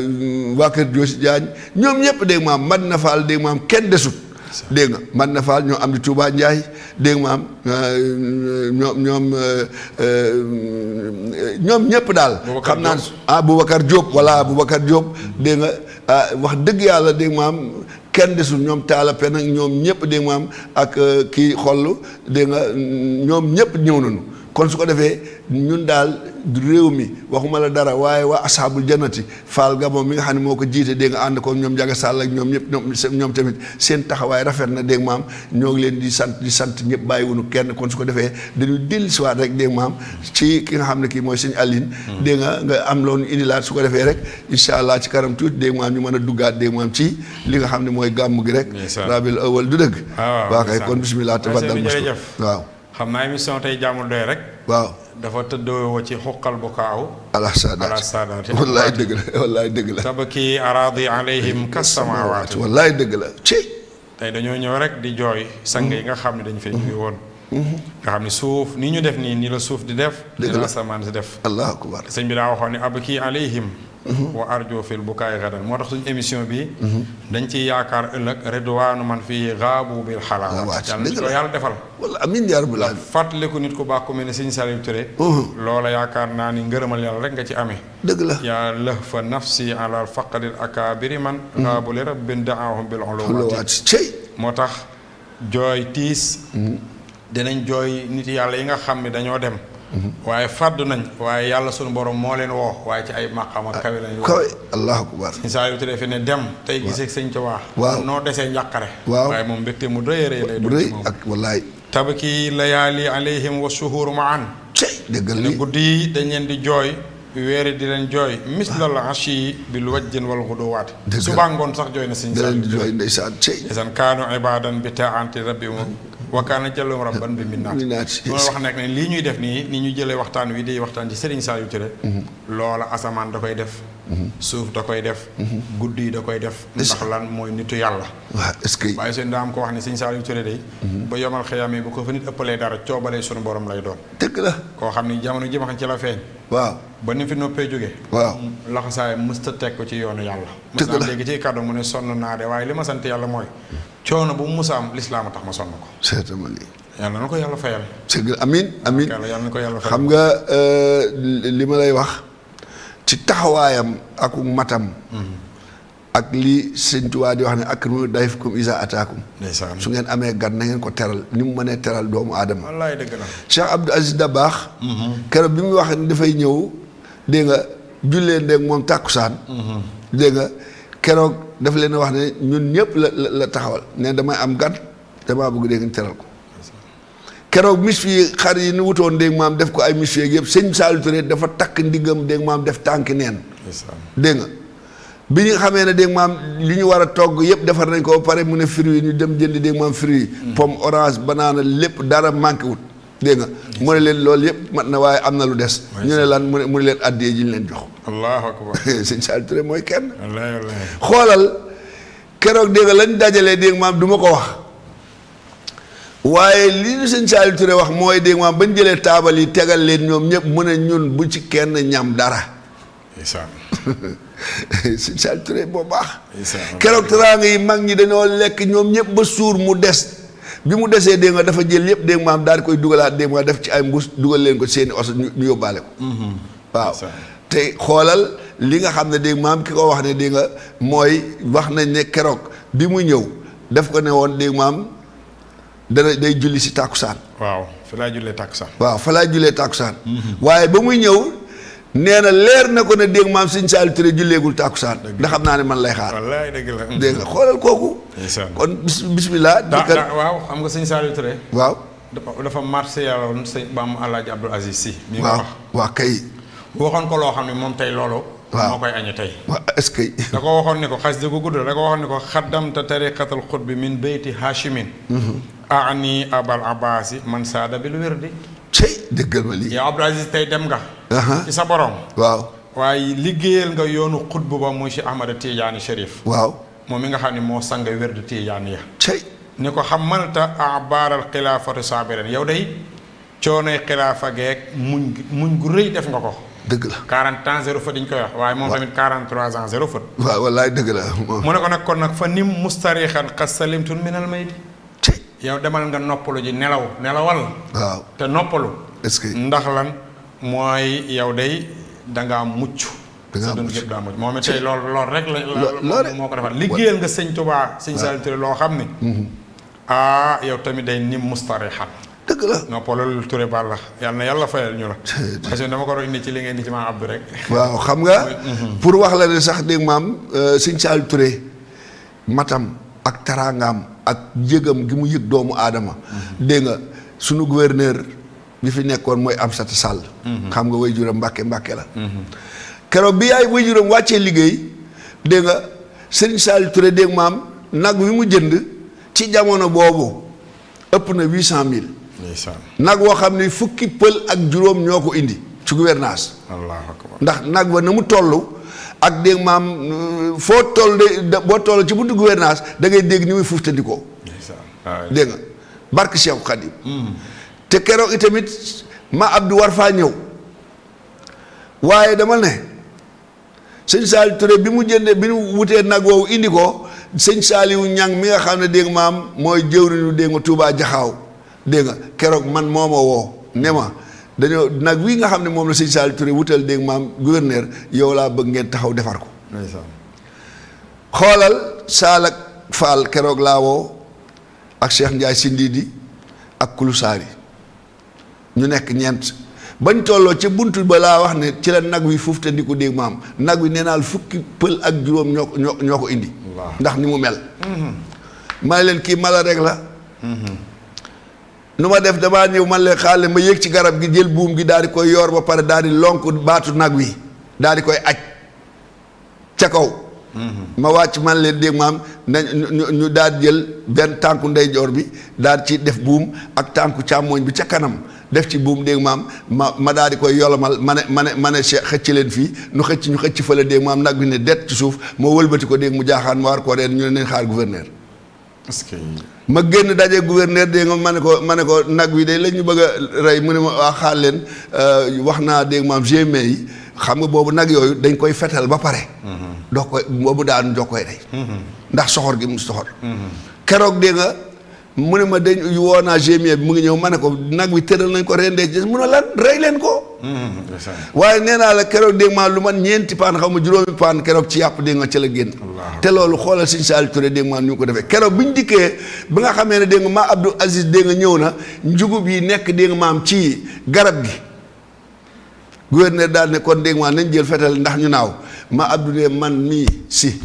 waa kër Joosi Jaañ ñoom ñëpp dégg maam na faal dégg maam kenn desut Deng, man na faal ñoo am di Touba Ndiaye deng ma am ñom ah, ñom ñoom ñëpp eh, eh, daal. xam naa ah, Aboubacar Diop voilà Aboubacar Diop. dégg nga ah, wax deug yalla deng ma am kenn desul ñom taala pen ak ñom ñepp dégg ma am ak eh, ki xollu deng nga ñoom ñëpp nañu. kon su ko defee ñun daal réew mi waxuma la dara waaye waa asaabul jannati faal gabon mi nga xam ne moo ko jiite dégg ànd ko ñoom Njaga Sàll ak ñoom ñëpp ñoom tamit seen taxawaay rafet na dégg maam ñoo ngi leen di sant di sant ñëpp bàyyiwunu kenn kon su ko defee dañu dellu si waat rek dégg maam ci ki nga xam ne kii mooy sëñ Aline hmm. dégg nga nga am loolu indilaat su ko defee rek incha allah ci kanam tuuti dégg maam ñu mën a duggaat dégg maam ci li nga xam ne mooy gàmm gi rek rabil awal du dëgg ah, waaw kay kon bismillah tafaddal waaw xam naa émission tey jaamul doy rek. waaw dafa tëddoo ci xuqal bu kaaw. ala saadaati ala saadaati wallaay dëgg la wallaay dëgg la. tabaki araadi alayhim kasamawaati wallaay dëgg la ci. tey dañoo ñëw rek di jooy sang yi nga xam ne dañu fee jóge woon. nga xam ne suuf ni ñu def nii nii la suuf di def. dëgg la asamaan si def. allahu akbar sëñ bi daa waxoon ne abaki alayhim Mm-hmm. wa arjo fil bu kaay xadan moo tax suñ émission bi mm-hmm. dañ ciy yaakaar ëllëg redwaanu man fii xaabu bil xalaat ah, yàlla nañ yàlla defal wala amiin yaa rabbal aalamiin fàttaliku nit ku baax ku mel ne Sëriñ Saliou Touré mm-hmm. loola yaakaar naa ni ngërëmal yàlla rek nga ci amee dëgg la yaa lëh fa nafsi ala faqadil akaabiri man xaabu li rabbin daahum bil uluwaati cey moo tax jooy tiis dinañ jooy nit yàlla yi nga xam ne dañoo dem waaye fàdd nañ waaye yàlla sunu borom moo leen woo waaye ci ay maqaama ah, kawe lañ kawe allahu akbar saa yu tuddee ne dem tey gisee sëñ ci waa waaw noo desee njàqare waaw waaye moom mbégte mu rëy rëy lay bu rëy ak wallaay tabki layaali alayhim wa an maan dëggal ni guddi yi dañ leen di jooy weeri di leen jooy mislal ashi ah. bil wajjin wal xuduwaat suba ngoon sax jooy na sëñ di jooy ndeysaan ndeysaan kaanu ibadan bi taanti rabbi moom na wakkaana jàllum rabban bi minnaat mu wax nag ne lii ñuy def nii ni ñu jëlee waxtaan wi di waxtaan ci Serigne Saliou Touré mhm. loola asamaan da koy def mhm. suuf da koy def mhm. guddi yi da koy def ndax lan mooy nitu yàlla waaw est-ce que waaye seen daa am ko wax ne Serigne Saliou Touré day ba yomal xiyaamee bu ko fa nit ëppalee dara coobalee sunu borom lay doon dëgg la koo xam ne jamono ji ma xam ci la feeñ ba nu fi noppee jóge waaw laxasaay mësta teg ko ci yoonu yàlla mës la dégg ci kàddu mu ne sonn naa waaye li ma sant yàlla mooy coono bu mu musa am lislaam a tax ma sonn ko. certainement. yàlla na ko yàlla fayal. sëñ amin amin yàlla na ko yàlla fayal. xam nga euh, li ma lay wax ci taxawaayam ak matam. Mhm. ak li sëñ Tuubaa di wax ne akrimu dayfakum izaa ataakum. su ngeen amee gan na ngeen ko teral ni mu mënee teral doomu aadama. wallaay dëgg la Cheikh Abdou Aziz Dabaax. Mhm. keroog bi mu wax ni dafay ñëw dégg nga jullee ndeg moom tàkkusaan. Mhm. dégg keroog. daf leen wax ne ñun ñëpp la la taxawal ne damay am gan damaa bëgg dégg teral ko keroog mis yi xar yi nu wutoon dégg maam def ko ay mis yeeg yëpp seen Saliou Touré dafa takk ndiggam dégg maam def tànk neen dégg nga bi ñu xamee ne dégg maam li ñu war a togg yëpp defar nañ ko ba pare mu ne fruits yi ñu dem jënd dégg maam fruits yi mm. pomme orange banana lépp dara manqué wut dégg nga mu ne leen loolu yëpp mat na waaye am na lu des. ñu ne lan mu ne mu ne leen addee ji ñu leen jox. allahu akbar sëñ Saliou Touré mooy kenn. xoolal keroog dégg nga lañ dajalee dégg maam du ko wax. waaye li ñu sëñ Saliou Touré wax mooy dégg maam bañ jëlee taabal yi tegal leen ñoom ñëpp mu ne ñun bu ci kenn ñam dara. incha sëñ Saliou boo baax. keroog teraanga yi mag ñi dañoo lekk ñoom ñëpp ba suur mu des. bi mu desee dégg nga dafa jël yëpp dégg maam daal di koy dugalaat dégg nga def ci ay mbuus dugal leen ko seeni oso ñu yóbbaale ko mm-hmm. waaw te xoolal li nga xam ne dégg maam ki ko wax ne dégg nga mooy wax nañ ne keroog bi mu ñëw def ko ne woon dégg maam dana day julli si tàkkusaan waaw fa laa jullee tàkkusaan waaw fa laa mm-hmm. waaye ba muy ñëw nee na leer na ko ne dégg maam Sëñ Saliou Touré julleegul tàkkusaan ndax xam naa ne man lay xaar wallaay dëgg la dégg nga xoolal kooku kon bis bismillah waaw xam nga Sëñ Saliou Touré waaw dafa dafa yàlla woon sëñ Bam Abdul Aziz Si mi nga wax waaw kay waxoon ko loo xam ne moom tey loolu waaw moo koy añe tey waaw est-ce que da ko waxoon ne ko xas di ko gudd da ko waxoon ne ko xaddamta tariqatal xutbi min bayti haashimin aani mhm. abal abaasi man saada bil wirdi cey dëggal ma lii. yow Abdou Aziz tey dem nga. ci sa borom. waaw waaye liggéeyal nga yoonu xutbu ba muy Cheikh Ahmada Tidiane Chérif. waaw moom mi nga xam ne moo sang werdu Tidiane ya. cey ni ko xamalta abaaral xilaafatu saabiran yow day coonoy xilaafa geeg muñ muñ gu rëy def nga ko. dëgg la 40 ans zéro fët dañ koy wax. waaye moom tamit 43 ans zéro fët. waaw wallaay dëgg la. mu ne ko nag kon nag fa nim mustariixan xas salimtun minal maydi yow demal nga noppolu ji nelaw nelawal waaw te noppolu est-ce ndax lan moy yow day da nga muccu da nga muccu daa mucc moom tey lool lool rek la moko defal liggeel nga seigne touba seigne salim ture loo xam mm-hmm. ah yow tamit day nim mustariha deug la noppolu touré bal la yalla yalla fayal ñu la parce que dama ko ni ci li ngeen ni ci ma abdou rek waaw xam nga mm-hmm. pour wax la ni sax deug mam euh, seigne sal touré matam ak tarangam ak yëgam gi mu yëg doomu aadama. dégg nga sunu gouverneur bi fi nekkoon mooy Amsatou Sall. Mhm. xam nga waajuram Mbàkke Mbàkke la. keroog bi yaay waajuram wàccee liggéey dégg nga Serigne Sall Touré dégg maam nag wi mu jënd ci jamono boobu ëpp na huit cent mille. nag woo xam ne fukki pël ak juróom ñoo ko indi. ci gouvernance. ndax nag wa na mu toll. ak dégg maam foo toll de boo toll ci buntu gouvernance da ngay dégg ni muy fuftandikoo dégg nga barke Cheikh Khadim hmm. te keroog itamit ma Abdou war faa ñëw waaye dama ne sëñ Saliou Touré bi mu jëndee bi mu wutee nag wow indi ko sëñ Saliou ñang mi nga xam ne dégg maam mooy jëwriñu dégg nga Touba Jaxaaw dégg nga keroog man moo ma woo ne ma dañoo nag wii nga xam ne moom la sëñ Saliou Touré wutal dégg maam gouverneur yow laa bëgg ngeen taxaw defar ko. xoolal Saalak Fall keroog laa woo ak Cheikh Ndiaye Sindidi ak Kulu Saari ñu nekk ñeent bañ tolloo ca buntu ba laa wax ne ci la nag wi fuuf te dégg maam nag wi nee naal fukki pël ak juróom ñoo ko ñoo ko indi. ndax ni mu mel. Mhm. maa leen kii mala rek la. Mhm. nu ma def damaa ñëw man leen xaale ma yéeg ci garab gi jël buum gi daal koy yoor ba pare daal di lonk baatu nag wi daal di koy aj ca kaw ma wàcc man leen dégg maam na ñu daal di jël benn tànku ndeyjoor bi daal ci def buum ak tànku càmmooñ bi ca kanam def ci buum dégg maam ma ma daal di koy yolomal ma ne ma ne ma ne xëcc leen fii nu xëcc ñu xëcc fële dégg maam nag bi ne det ci suuf moo wëlbati ko dégg mu jaaxaan ma war koo reen ñu ne neen xaar gouverneur est ma génn daje gouverneur dégg nga ma ne ko ma ne ko nag wi day la ñu bëgg a rey mu ne ma waa ah, xaal leen euh, wax naa dégg maam GMA yi xam nga boobu nag yooyu dañ koy fetal ba pare. Mhm. dox koy boobu daanu jox koy rey. Mhm. ndax soxor gi mu soxor. Mhm. keroog dégg nga. mu ne ma dañ woo naa GMA e bi mu ngi ñëw ma ne ko nag wi tëral nañ ko rendee ci mu ne lan rey leen ko. Mm-hmm. waaye nee naa la keroog dégg maa lu man ñeenti paan xaw ma juróomi paan keroog ci yàpp dégg nga ca la génn. te loolu xoolal Sëñ Saliou Touré dégg maa ñu ko defee keroog bi ñu dikkee ba nga xamee ne dégg nga maa Abdou Aziz dégg nga ñëw na njugub yi nekk dégg maam ci garab gi. gouverneur daal ne kon dégg maa nañ jël fetal ndax ñu naaw maa Abdou ne man mii si.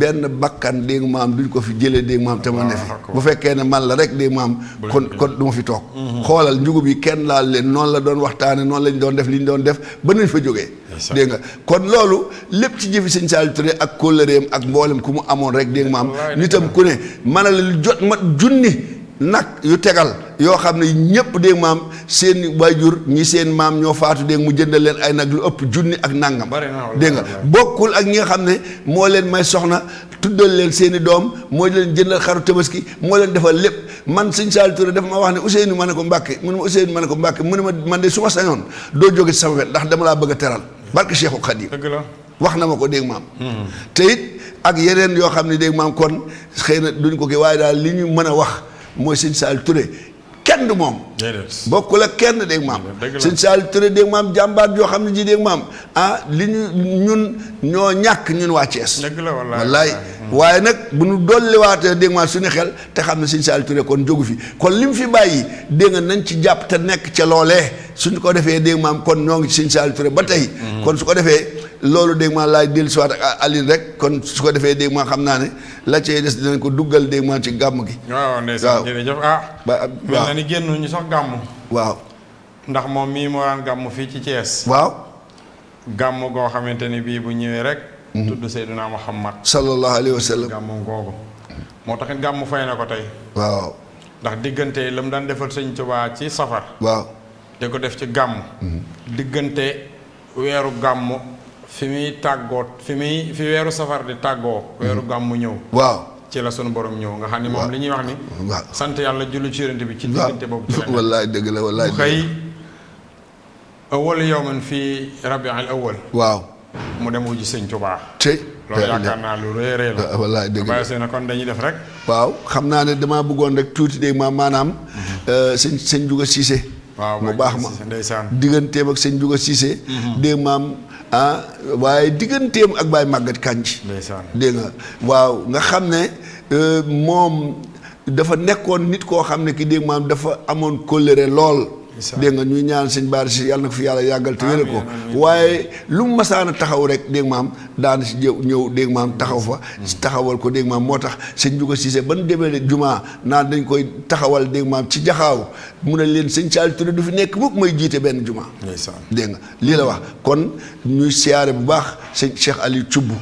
benn bakkan dégg maam duñ ko fi jëlee dégg maam te ma ne fi bu fekkee ne man la rek dégg maam kon kon du ma fi toog mhm. xoolal njugub yi kenn laal leen noonu la doon waxtaane noonu lañ doon def li ñu doon def ba nañ fa jógee dégg nga kon loolu lépp ci jëfi sëñ Saliou Touré ak kóllëreem ak mbooleem ku mu amoon rek dégg maam nitam ku ne man a la jot ma junni nag yu tegal yoo xam ne ñëpp dégg maam seen waajur ñi seen maam ñoo faatu dégg mu jëndal leen ay nag lu ëpp junni ak nangam dégg nga bokkul ak ñi nga xam ne moo leen may soxna tuddal leen seeni doom mooy leen jëndal xaru tabaski moo leen defal lépp man sëñ Saliou Touré dafa ma wax ne Ousseynou ma ne ko Mbàkke mu ne ma ne ko Mbàkke mu ne ma man de su ma sañoon doo jóge sama wet ndax dama laa bëgg a teral barke Cheikhul Khadim wax na ma ko dégg maam hmm. te ak yeneen yoo xam ne dégg maam kon xëy na duñ ko kii waaye daal li ñu mën a wax mooy sëñ Saliou Touré kenn moom. bokkul ak kenn dégg maam. sëñ Saliou Touré dégg maam jàmbaar joo xam ne ji dégg maam ah li ñu ñun ñoo ñàkk ñun waa Thiès. dëgg la wallaay hmm. waaye nag bu ñu dolliwaatee dégg maam ne xel te xam ne sëñ Saliou kon jógu fi kon li mu fi bàyyi dégg nga nañ ci jàpp te nekk ca loolee ñu ko defee dégg maam kon ñoo ngi ci sëñ ba tey. Hmm. kon su ko defee. loolu dégg maa laay dellu siwaat ak Aline rek kon su ko defee dégg xam naa ne la cee des dinañ ko duggal dégg maa ci gàmm gi. waaw ndeysaan jërëjëf ah. ah waaw mel na ni génn ñu sax gàmm. waaw. ndax moom mii moo daan gàmm fii ci Thiès. waaw. gàmm goo xamante ni bii bu ñëwee rek. Mhm. tudd Seydina Muhammad. sallallahu alayhi wa sallam gàmm googu. moo taxit gàmm fay na ko tey. waaw. ndax diggante la mu daan defal sëñ Tuubaa ci safar. waaw. di ko def ci gàmm. Mhm. diggante weeru gàmm. fi muy tàggoot fi muy fi weeru safar di tàggoo weeru mm-hmm. gàmmu ñëw waaw ci la sunu borom ñëw nga xam ni moom li ñuy wax ni waaw sant yàlla jullu ci yonent bi ci diggante boobu ci la wallaay la wallaay xëy awal yawman fii rabiul awal waaw mu dem wuji sëñ Tuubaa tey loolu yaakaar naa lu rëy rëy la ah, wallaay dëgg la bàyyi kon dañuy def rek waaw xam naa ne damaa bëggoon rek tuuti de ma maanaam mm-hmm. euh, sëñ sëñ Juga Cissé mu baax ma digganteem ak sëñ Juga Cissé mhm. dégg maam ah waaye digganteem ak Baye Maguette Kandji dégg nga waaw nga xam ne euh, moom dafa nekkoon nit koo xam ne ki dégg maam dafa amoon kóllëre lool dégg nga ñuy ñaan sëñ baar si yàlla na ko fi yàlla yàggal te wér ko waaye lu mu masaan a taxaw rek dégg maam daana si jëw ñëw dégg maam taxaw fa mm. taxawal ko dégg maam moo tax sëñ Njuga Siise ban demee jumaa naan dañ koy taxawal dégg maam ci jaxaaw mu ne leen sëñ Saaliw Ture du fi nekk mukk mooy jiite benn jumaa dégg nga lii la wax kon ñuy siyaare bu baax sëñ Cheikh ali Thioub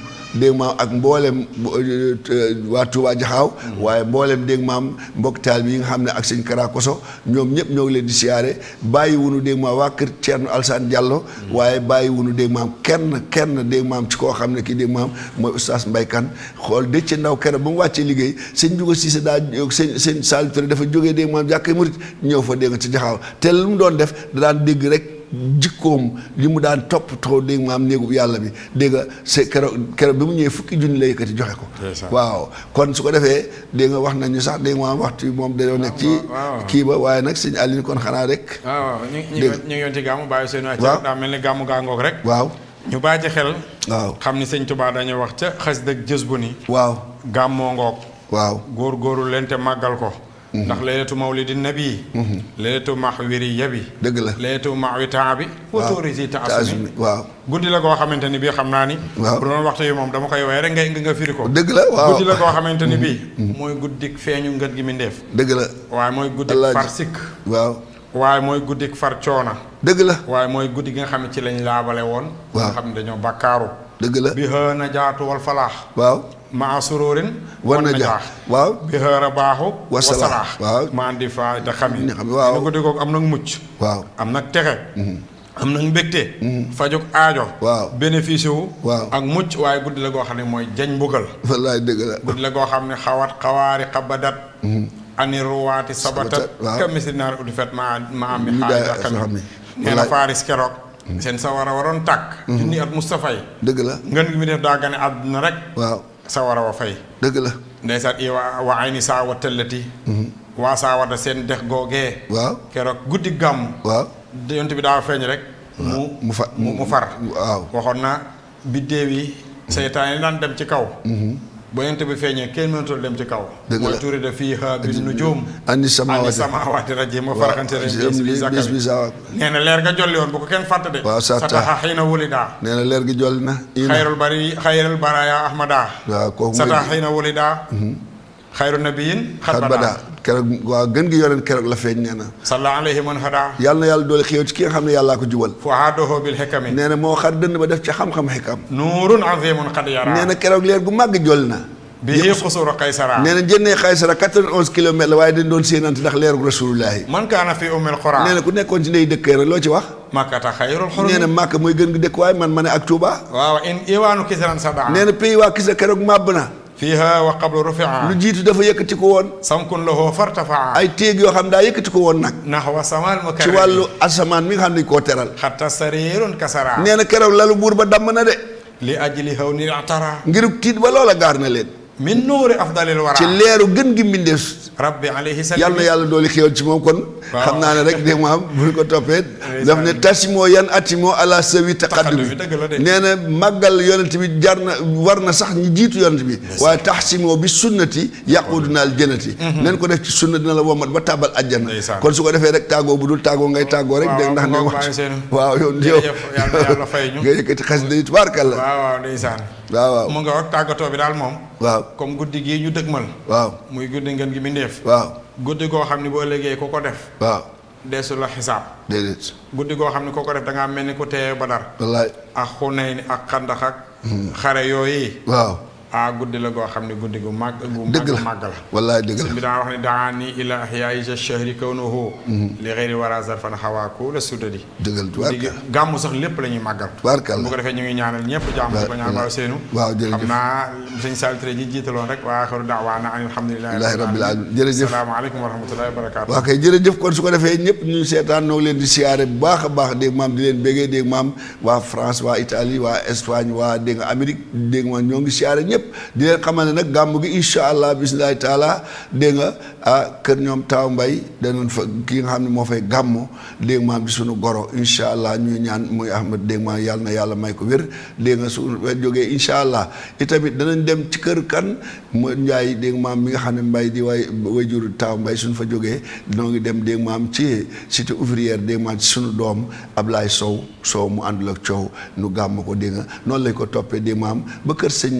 dégg maam ak mboolem euh, waa Touba Jaxaaw waaye mboolem dégg maam mbokk taal bi yi nga xam ne ak sëñ Kara Koso ñoom ñëpp ñoo ngi leen di siyaare bàyyi wunu dégg maam waa kër Thierno Alsane Diallo waaye bàyyi wunu dégg maam kenn kenn dégg maam ci koo xam ne kii dégg maam mooy oustaz mbaykan Kane xool dëcc ndaw kere ba mu wàccee liggéey sëñ si Siise daa sëñ sëñ Saliou dafa jógee dégg maam jàkkee murit ñëw fa dégg nga ci Jaxaaw te lu mu doon def da daan dégg rek jikkoom li mu daan topp toppatoo dégg maam néegu yàlla bi dégg nga c'est keroog keroog bi mu ñëwee fukki junni la yëkkati joxe ko. waaw kon su ko defee dégg wax nañu sax dégg maam waxtu moom dañoo nekk ci. Ah, kii ba waaye nag sëñ Aliou kon xanaa rek. Ah, waaw ñu ñu ngi yoon ci gàmmu bàyyi seen. waaw daa mel ni gàmmu gaa rek. waaw ñu bàjj xel. waaw xam ni sëñ Touba dañuy wax ca xas dëgg jës bu ni. waaw gàmmoo ngoog. waaw góor góoru leen te màggal ko. ndax laylatu mawlidi nabi laylatu mahwiri yabi deug la laylatu maxwi bi wa toorisi taasumi waaw gudi la go xamanteni bi xamna ni bu doon waxtu yi dama koy waye rek ngay nga firi ko dëgg la waaw gudi la go xamanteni bi moy mooy guddik feeñu ngën gi mi ndeef deug la waaye moy guddik farsik sikk waaw waaye mooy guddik far coona deug la waaye moy guddi gi nga xam ci lañ laabale woon nga xam dañu bakaru deug la bi hana jaatu wal falah waaw maa suróorin war na jaax waaw bi xëra baaxu wasalaax ma andi faa da xam yi waaw am nag mucc texe mhm. am nag mbégte mhm. fajug aajo waaw bénéfice wu waaw ak mucc waaye guddi la goo xam ne mooy jañ mbugal wallaay dëgg la la goo xam ne xawat xawaari xabadat mhm. ani ruwaati sabatat keroog seen sawara waroon tàkk junni at Moustapha yi dëgg la ngeen gi mi def daa gane àdduna rek sawara wa fay. dëgg la. ndeysaan i waa waa ayni saa mhm. wa tëllati. waa saa da seen dex googee. waaw keroog guddi gàmm. waaw yonent bi daa feeñ rek. mu mu fa mu far. waaw waxoon na biddéew yi. Mhm. seytaan yi daan dem ci kaw. Mhm. ba yonent bi feeñee kenn mënatul dem ci kaw. dëgg la mooy tuuri de fii xa bis nu juum. andi samaawaati andi samaawaati ma faraxante ren bis bi zakka leer nga jolli woon bu ko kenn fàtte de. waaw sa taxa xëy na wuli daa. nee na leer gi jolli na. xayrul bari xayrul baraya ahmada. waaw kooku sa taxa xëy na wuli daa. Mhm. xayru nabiyin xat badaa keroog waaw gën gi yoneen keroog la feeñ nee na salla alayhi man hada yàlla na yàlla doole xéew ci ki nga xam ne yàllaa ko jubal fuhaadoho bil xikami nee na moo xar dënd ba def ca xam-xam xikam nuurun azimun xad yara nee na keroog leer gu màgg jol na bii xusuuru Qaysara nee na jëndee Qaysara 91 kilomètres la waaye dañ doon séenante ndax leerug rasulullahi man kaana fi ummil quran nee na ku nekkoon ci ndey dëkkee rek loo ci wax makkata xayrul xurum nee na màkk mooy gën gi dëkk waaye man ma ne ak Touba waaw in iwaanu kisran sada nee na pays waa Kisra keroog màbb na fiiha wa qablu lu jiitu dafa yëkkati ko woon samkun lahu fartafaa ay téeg yoo xam daa yëkkati ko woon nag nahwa samal mukarram ci wàllu asamaan mi nga xam ne koo teral hatta sariirun kasara nee na keroog lalu buur ba damm na de li ajli haw ni atara ngir tiit ba loola gaar na leen min nuuri afdalil wara ci leeru gën gi mbindeef. rabbi alayhi yàlla na yàlla dooli xéwal ci moom kon. xam naa ne rek de maam bu ñu ko toppee. daf ne tasimoo yan atimoo ala sawi taqaddum nee na màggal yonent bi jar na war na sax ñu jiitu yonent bi. waaye taxsimoo bi sunnati yàquuduna al jannati. Mm-hmm. Mm-hmm. neen ko def ci sunna na la womat ba tàbbal àjjana. kon su ko defee rek tàggoo bu dul tàggoo ngay tàggoo rek. dégg ndax ne wax waaw yow yow nga yëkkati xas dañuy tubaarkàlla. waaw waaw waaw waaw mu nga wax tàggatoo bi daal moom waaw comme guddi gii ñu dëgmal. waaw muy guddi ngeen gi mbindeef. waaw guddi koo xam ne boo léegi ku ko def. waaw deesu la xisaab. déedéet guddi koo xam ne ku ko def da ngaa mel ni ku teewee Badar. wallaay ak Xunayn ak Xandax ak. Hmm. xare yooyu. waaw. ah guddi la goo xam ne guddi gu màgg gu màgg màgg la wallaay dëgg la bi daa wax ne daa nii ila ahyaay ja shahri kawnuhu mhm. li xëyri wara zarfan xawaaku la sudadi dëggal tubaarkal gàmmu sax lépp la ñuy màggal tubaarkal bu ko defee ñu ngi ñaanal ñëpp jàmm ko ñaan rek waa aaxiru daawaana an wa rahmatullahi wa barakaatu waa kay kon su ko defee ñëpp ñu seetaan noo leen di siyaare baax a baax dégg maam di leen bégee dégg maam waa France waa Italie waa Espagne waa dégg nga dégg ma ñoo ngi siyaare ñëpp yëpp di leen xamal ne nag gàmm gi incha allah bisimilahi taala dégg nga ah kër ñoom taaw mbay danoon fa ki nga xam ne moo fay gàmmu dégg maam di suñu goro incha allah ñuy ñaan muy ahmad dégg maam na yàlla may ko wér dégg nga su jógee incha allah itamit danañ dem ci kër kan mu njaay dégg maam mi nga xam ne mbay di waaye way juru taaw mbay suñu fa jógee noo ngi dem dégg maam ci cité ouvrière dégg maam suñu doom Ablaye Sow Sow mu àndul ak coow nu gàmm ko dégg nga noonu lañ ko toppee dégg maam ba kër sëñ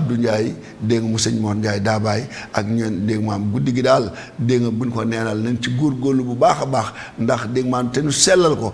Abdou Ndiaye dégg mu sëñ Mor Ndiaye daabaay ak ñoom dégg maam guddi gi daal dégg nga buñ ko neenal nañ ci góor góorlu bu baax a baax ndax dégg maam te nu sellal ko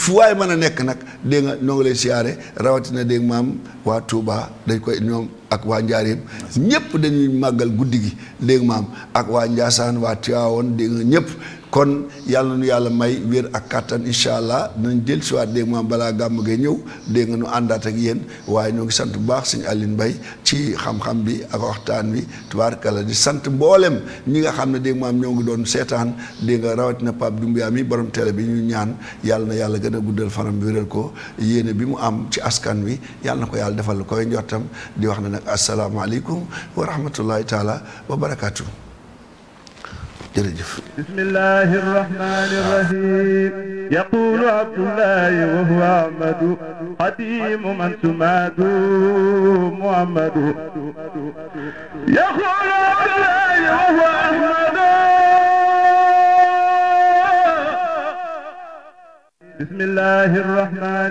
fu waay mën a nekk nag dégg nga noo ngi lay siyaare rawatina dégg maam waa Touba dañ koy ñoom ak waa Njaareem ñëpp dañuy màggal guddi gi dégg maam ak waa Njaasaan waa Tiwaawoon dégg nga ñëpp kon yàlla nu yàlla may wér ak kàttan incha allah dinañ jël si waat dégg nga balaa gàmm gee ñëw dégg nga nu àndaat ak yéen waaye ñoo ngi sant bu baax suñu Alioune mbay ci xam-xam bi ak waxtaan bi tubaarkala di sant mboolem ñi nga xam ne dégg nga ñoo ngi doon seetaan dégg nga rawatina Pape Doumbia mi borom télé bi ñu ñaan yàlla na yàlla gën a guddal fanam bi wéral ko yéene bi mu am ci askan wi yàlla na ko yàlla defal koy njottam di wax ne nag asalaamaaleykum wa rahmatullahi taala wa جرجف بسم الله الرحمن الرحيم يقول عبد الله وهو أحمد قديم من سماد محمد يقول عبد الله وهو أحمد بسم الله الرحمن الرحيم